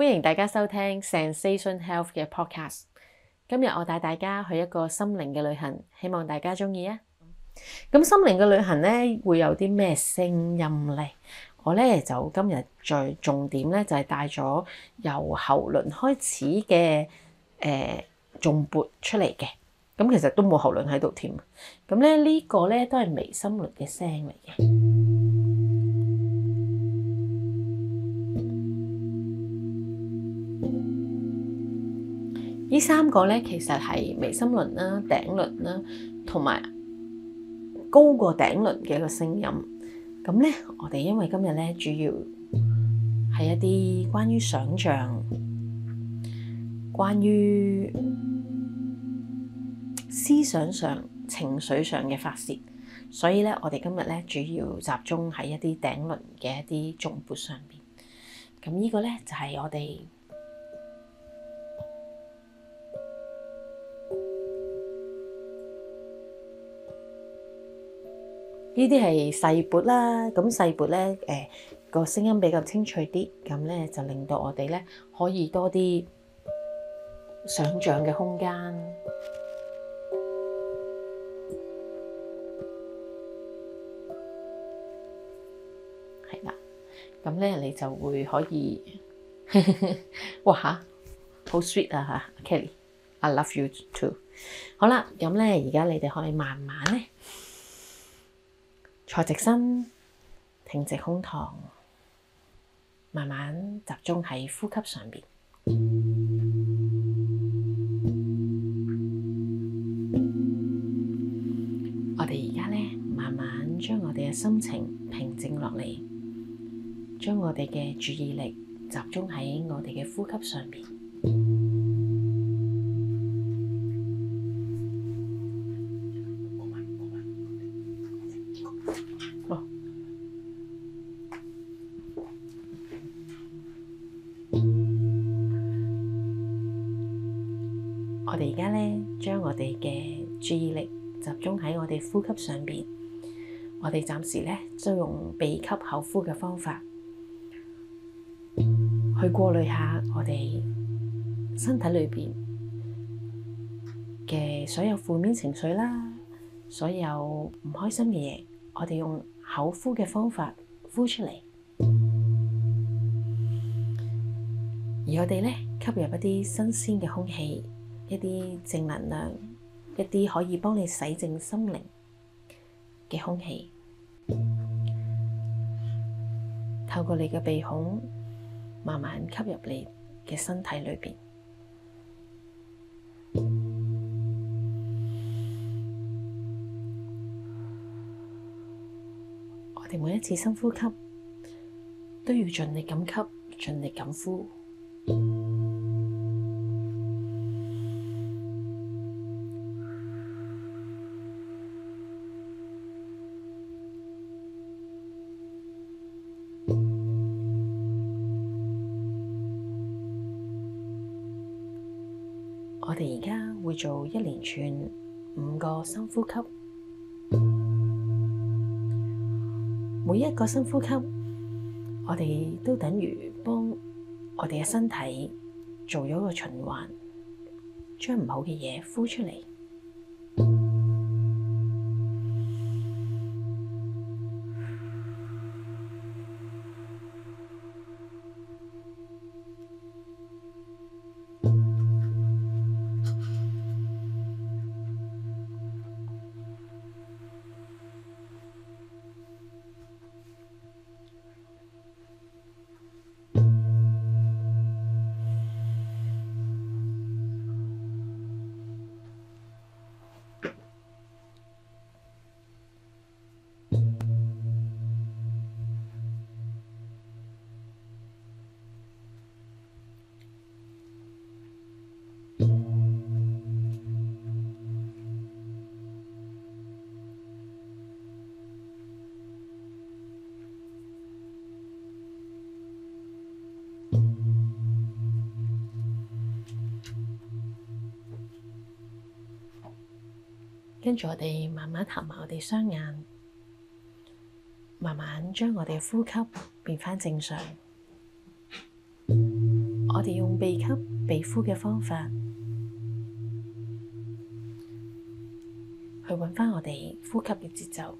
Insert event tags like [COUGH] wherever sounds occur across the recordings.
歡迎大家收聽 Sensation Health 嘅 Podcast。今日我帶大家去一個心靈嘅旅行，希望大家中意啊！咁心靈嘅旅行咧會有啲咩聲音咧？我咧就今日最重點咧就係、是、帶咗由喉輪開始嘅誒，頌、呃、缽出嚟嘅。咁其實都冇喉輪喺度添。咁咧呢、這個咧都係微心靈嘅聲嚟嘅。呢三個咧，其實係眉心輪啦，頂輪啦，同埋高過頂輪嘅一個聲音。咁咧，我哋因為今日咧主要係一啲關於想象，關於思想上，情緒上嘅發洩，所以咧我哋今日咧主要集中喺一啲頂輪嘅一啲重複上面。咁呢個咧就係我哋。呢啲係細缽啦，咁細缽咧，個、呃、聲音比較清脆啲，咁咧就令到我哋咧可以多啲想像嘅空間，係啦，咁咧你就會可以， [LAUGHS] 哇好 sweet 啊嚇，Kelly，I love you too，好啦，咁咧而家你哋可以慢慢。坐直身，挺直胸膛，慢慢集中喺呼吸上面。 [NOISE] 我哋而家咧，慢慢將我哋嘅心情平靜落嚟，將我哋嘅注意力集中喺我哋嘅呼吸上面。吸上邊，我哋暫時咧就用鼻吸口呼嘅方法去過濾下我哋身體裏邊嘅所有負面情緒啦，所有唔開心嘅嘢。我哋用口呼嘅方法呼出嚟，而我哋咧吸入一啲新鮮嘅空氣，一啲正能量，一啲可以幫你洗淨心靈，嘅空氣，透過你嘅鼻孔，慢慢吸入你嘅身體裏邊。 [NOISE] 我哋每一次深呼吸，都要盡力咁吸，盡力咁呼。做一連串，五個深呼吸，每一個深呼吸，我哋都等於幫我哋嘅身體做咗個循環，將唔好嘅嘢呼出嚟。跟住我哋慢慢合埋我哋雙眼，慢慢將我哋呼吸變翻正常。我哋用鼻吸鼻呼嘅方法，去揾翻我哋呼吸嘅節奏。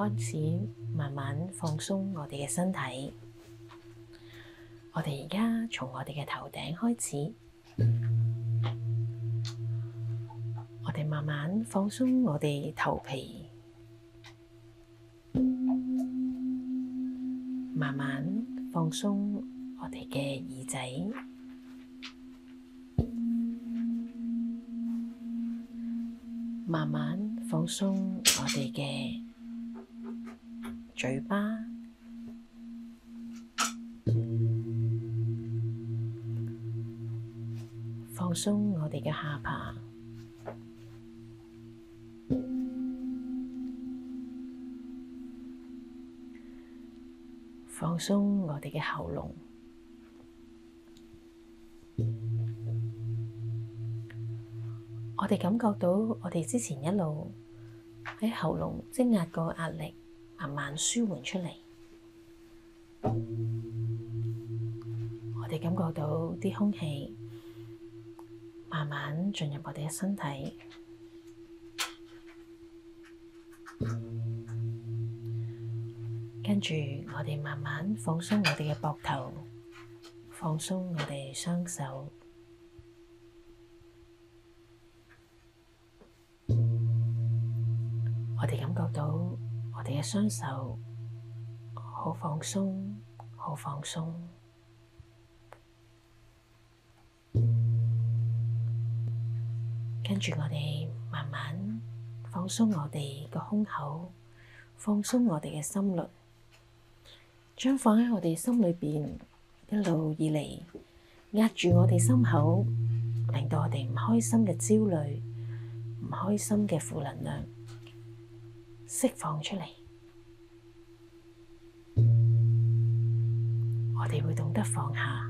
開始慢慢放鬆我哋嘅身體。我哋而家從我哋嘅頭頂開始，我哋慢慢放鬆我哋頭皮，慢慢放鬆我哋嘅耳仔，慢慢放鬆我哋嘅。嘴巴，放鬆我哋嘅下巴，放鬆我哋嘅喉嚨。我哋感覺到，我哋之前一路喺喉嚨積壓過嘅壓力。慢慢舒緩出嚟，我哋感覺到啲空氣慢慢進入我哋嘅身體，跟住我哋慢慢放鬆我哋嘅膊頭，放鬆我哋雙手。雙手好放鬆，好放鬆。跟住我哋慢慢放鬆我哋個胸口，放鬆我哋嘅心率，將放喺我哋心裏邊一路以嚟壓住我哋心口，令到我哋唔開心嘅焦慮、唔開心嘅負能量釋放出嚟。我哋會懂得放下，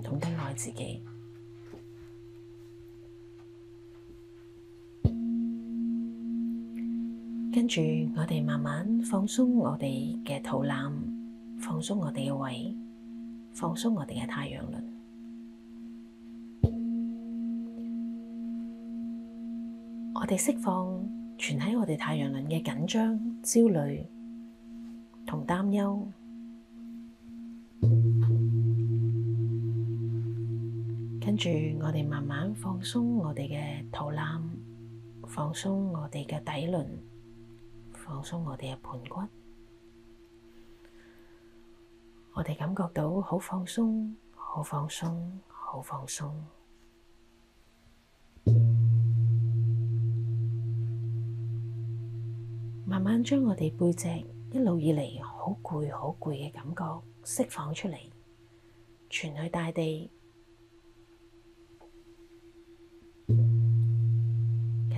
懂得愛自己。跟住，我哋慢慢放鬆我哋嘅肚腩，放鬆我哋嘅胃，放鬆我哋嘅太陽輪。我哋釋放存喺我哋太陽輪嘅緊張、焦慮同擔憂。跟住，我哋慢慢放鬆我哋嘅肚腩，放鬆我哋嘅底輪，放鬆我哋嘅盤骨。我哋感覺到好放鬆，好放鬆，好放鬆。慢慢將我哋背脊一路以嚟好攰好攰嘅感覺釋放出嚟，傳去大地。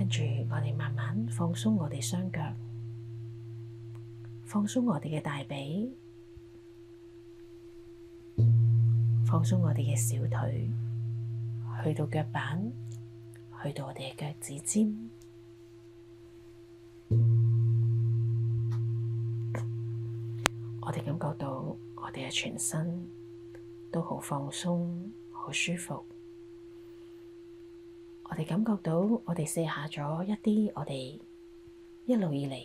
住，我哋慢慢放鬆我哋雙腳，放鬆我哋嘅大髀，放鬆我哋嘅小腿，去到腳板，去到我哋嘅腳趾尖，我哋感覺到我哋嘅全身都好放鬆，好舒服。我哋感覺到，我哋卸下咗一啲我哋一路以嚟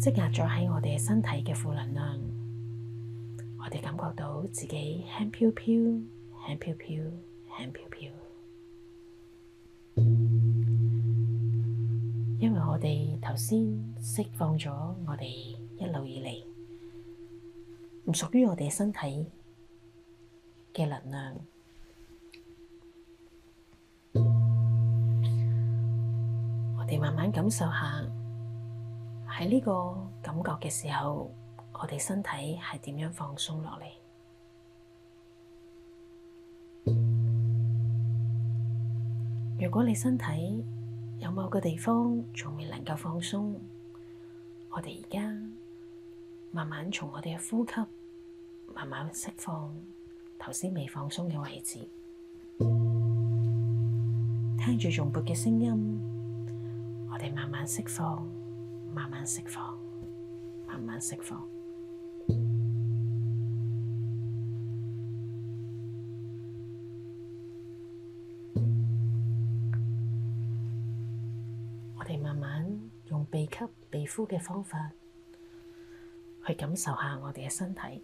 積壓咗喺我哋身體嘅負能量。我哋感覺到自己輕飄飄、輕飄飄、輕飄飄，因為我哋頭先釋放咗我哋一路以嚟唔屬於我哋身體嘅能量。感受下喺呢個感覺嘅時候，我哋身體係點樣放鬆落嚟。如果你身體有某個地方仲未能夠放鬆，我哋而家慢慢從我哋嘅呼吸慢慢釋放頭先未放鬆嘅位置，聽住頌缽嘅聲音。我哋慢慢釋放，慢慢釋放，慢慢釋放。我哋慢慢用鼻吸鼻呼嘅方法，去感受下我哋嘅身體。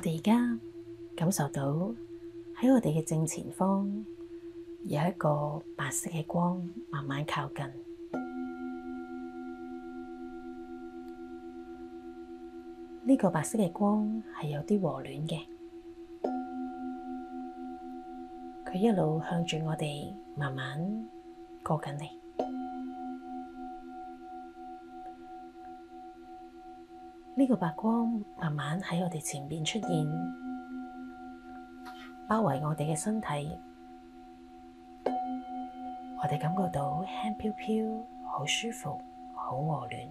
我哋而家感受到喺我哋嘅正前方有一個白色嘅光慢慢靠近，呢個白色嘅光係有啲和暖嘅，佢一路向住我哋慢慢過緊嚟。呢個白光慢慢喺我哋前面出現，包圍我哋嘅身體，我哋感覺到輕飄飄，好舒服，好和暖，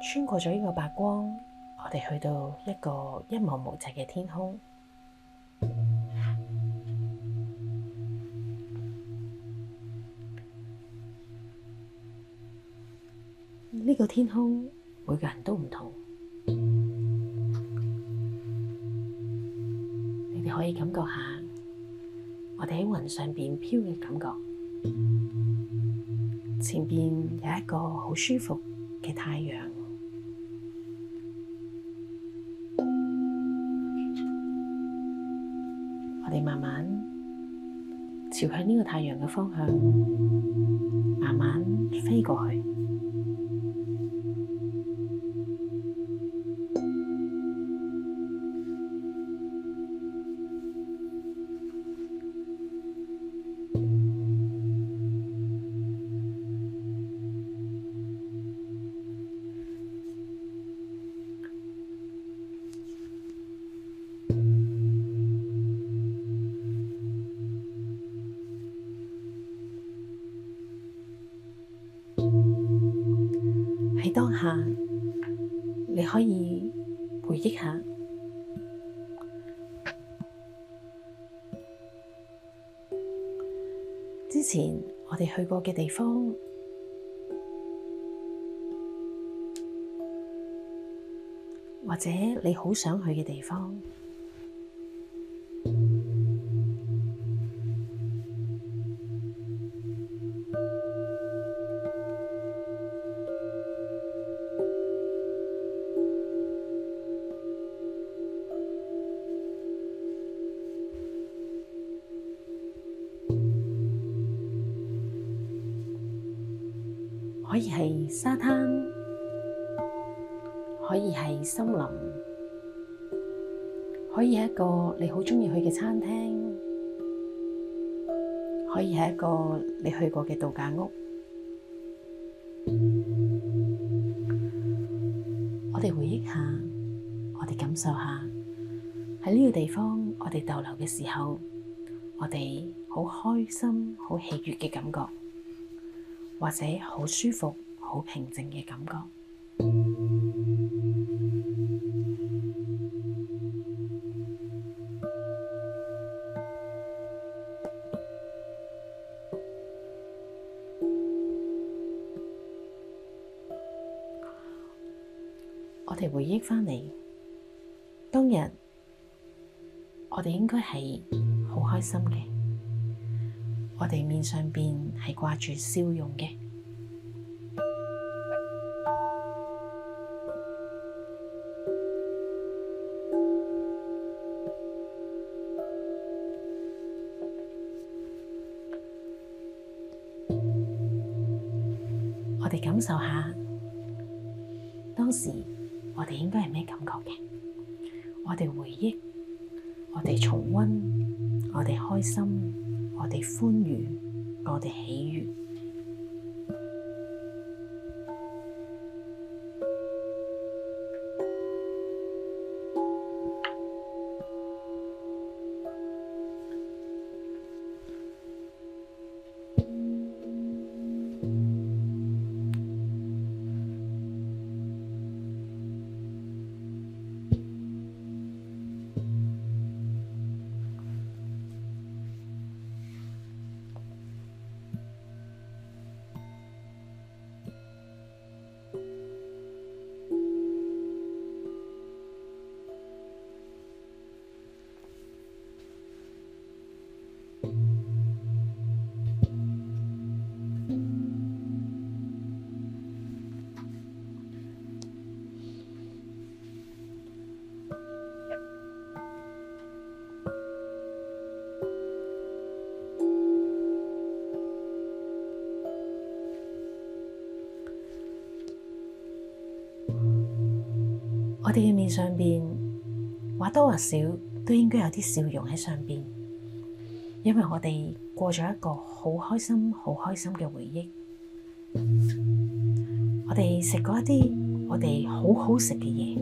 穿過咗呢個白光。我哋去到一個一望無際嘅天空，呢個天空每個人都唔同。你哋可以感覺下，我哋喺雲上面飄嘅感覺，前面有一個好舒服嘅太陽。慢慢朝住呢個太陽嘅方向，慢慢飛過去。你可以回憶下之前我哋去過嘅地方，或者你好想去嘅地方。可以係沙灘，可以係森林，可以係一個你好鍾意去嘅餐廳，可以係一個你去過嘅度假屋。我哋回憶下，我哋感受下，喺呢個地方我哋逗留嘅時候，我哋好開心、好喜悅嘅感覺。或者好舒服、好平靜嘅感覺。 [NOISE] 我哋回憶返嚟，當日，我哋應該係好開心嘅。我哋面上邊係掛住笑容嘅，嘅面上邊，或多或少，都應該有啲笑容喺上邊，因為我哋過咗一個好開心、好開心嘅回憶。我哋食過一啲我哋好好食嘅嘢，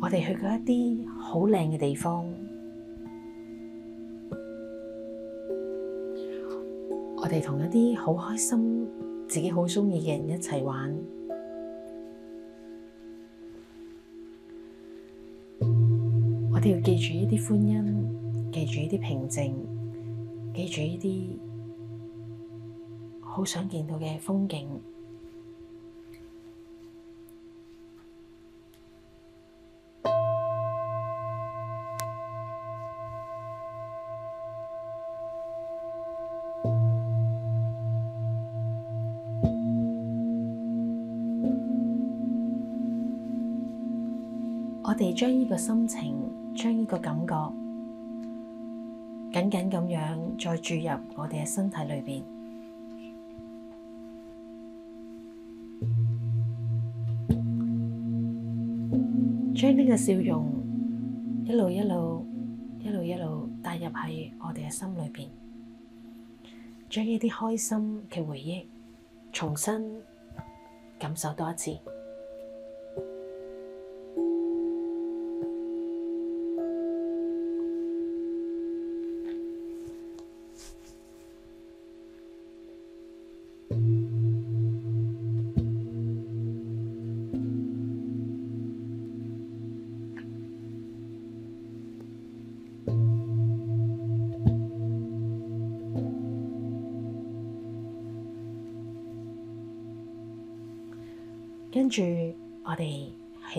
我哋去過一啲好靚嘅地方，我哋同一啲好開心、自己好鍾意嘅人一齊玩。要記住呢啲歡欣，記住呢啲平靜，記住呢啲好想見到嘅風景。將呢個心情，將呢個感覺，緊緊咁樣再注入我哋嘅身體裏邊，將呢個笑容一路一路一路一路帶入喺我哋嘅心裏邊，將呢啲開心嘅回憶重新感受多一次。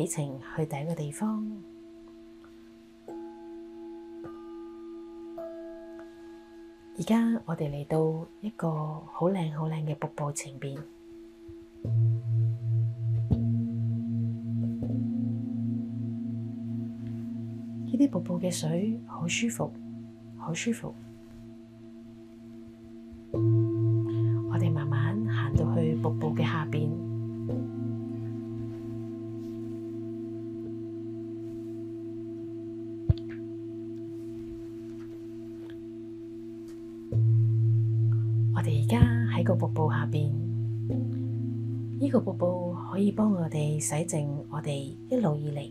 情去第一個地方，而家我哋嚟到一個好靚好靚嘅瀑布前面，呢啲瀑布嘅水好舒服，好舒服。個瀑布可以幫我哋洗淨我哋一路以嚟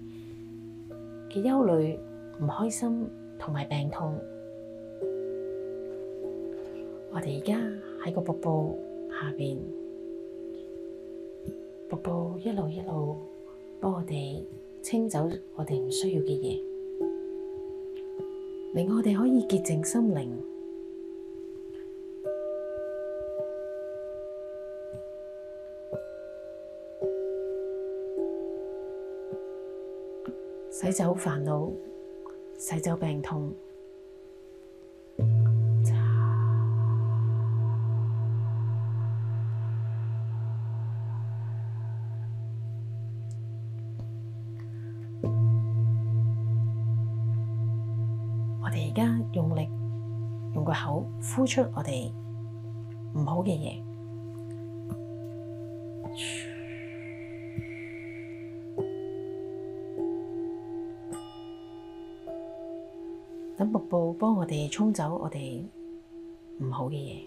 嘅憂慮、唔開心同埋病痛。我哋而家喺個瀑布下邊，瀑布一路一路幫我哋清走我哋唔需要嘅嘢，令我哋可以潔淨心靈。洗走煩惱，洗走病痛。我哋而家用力，用個口呼出我哋唔好嘅嘢。瀑布幫我哋沖走我哋唔好嘅嘢。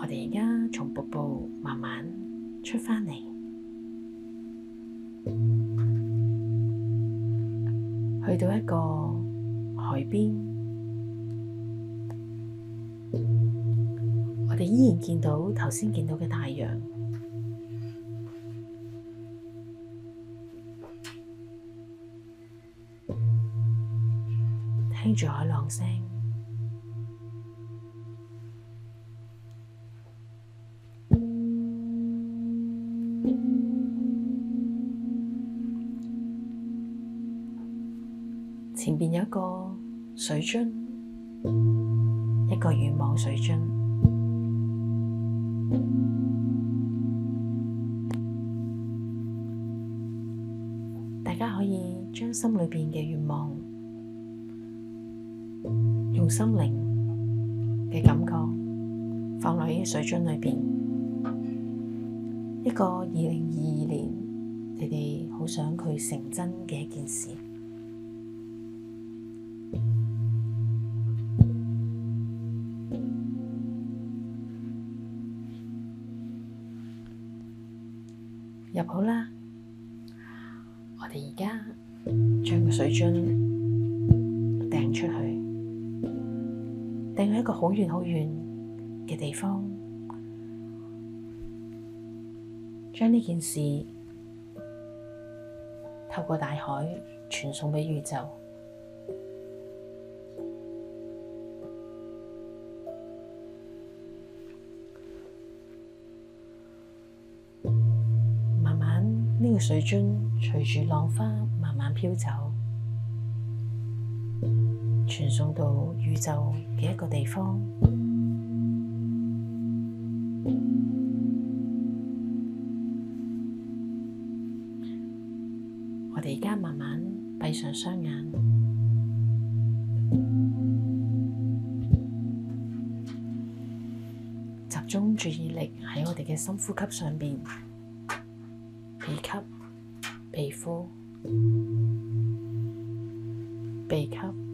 我哋而家從瀑布慢慢出返嚟。到一個海邊，我哋依然見到頭先見到嘅太陽，聽住海浪聲。前面有一個水樽，一個願望水樽，大家可以將心裏邊嘅願望，用心靈嘅感覺放落喺水樽裏邊，一個二零二二年你哋好想佢成真嘅一件事。水樽掟出去，掟去一個好遠好遠嘅地方，將呢件事透過大海傳送畀宇宙。慢慢呢個水樽隨住浪花慢慢飄走。傳送到宇宙嘅一個地方。我哋而家慢慢閉上雙眼，集中注意力喺我哋嘅深呼吸上面，鼻吸、鼻呼、鼻吸。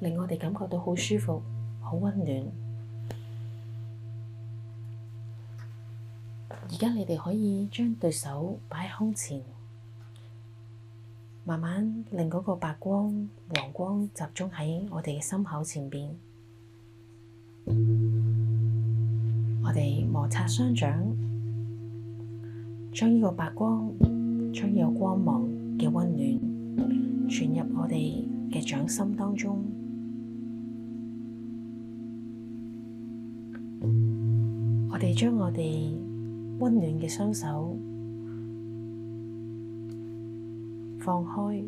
令我哋感覺到好舒服、好溫暖。而家你哋可以將對手擺喺胸前，慢慢令嗰個白光、黃光集中喺我哋嘅心口前邊。我哋摩擦雙掌，將呢個白光、將呢個光芒嘅溫暖傳入我哋。嘅掌心當中，我哋將我哋溫暖嘅雙手放開，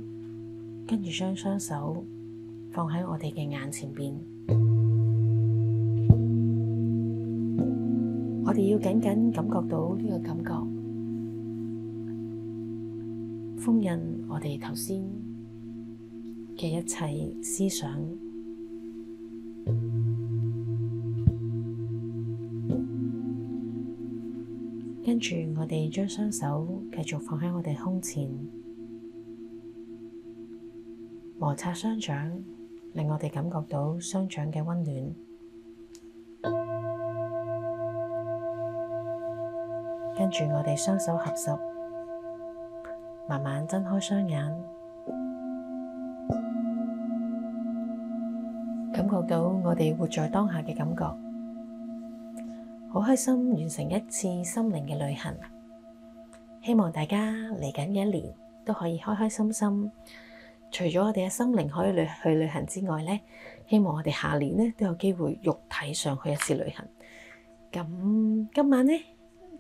跟住將雙手放喺我哋嘅眼前邊，我哋要緊緊感覺到呢個感覺，封印我哋頭先嘅一切思想，跟住我哋將雙手繼續放喺我哋胸前，摩擦雙掌，令我哋感覺到雙掌嘅溫暖。跟住我哋雙手合十，慢慢睜開雙眼。到我哋活在當下嘅感覺，好開心完成一次心靈嘅旅行。希望大家嚟緊嘅一年都可以開開心心。除咗我哋嘅心靈可以旅去旅行之外咧，希望我哋下年咧都有機會肉體上去一次旅行。咁今晚咧，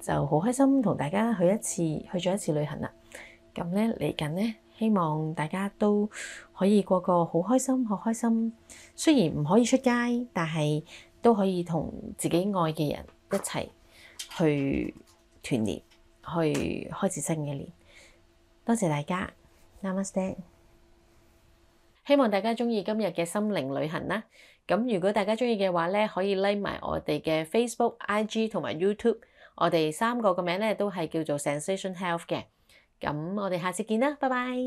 就好開心同大家去一次去咗一次旅行啦。咁咧嚟緊咧。希望大家都可以過個好開心、好開心。雖然唔可以出街，但係都可以同自己愛嘅人一齊去團年，去開始新嘅年。多謝大家，Namaste！希望大家中意今日嘅心靈旅行啦。咁如果大家中意嘅話咧，可以 like 埋我哋嘅 Facebook、IG 同埋 YouTube，我哋三個嘅名咧都係叫做 Zensation Health 嘅。咁，我哋下次見啦，拜拜。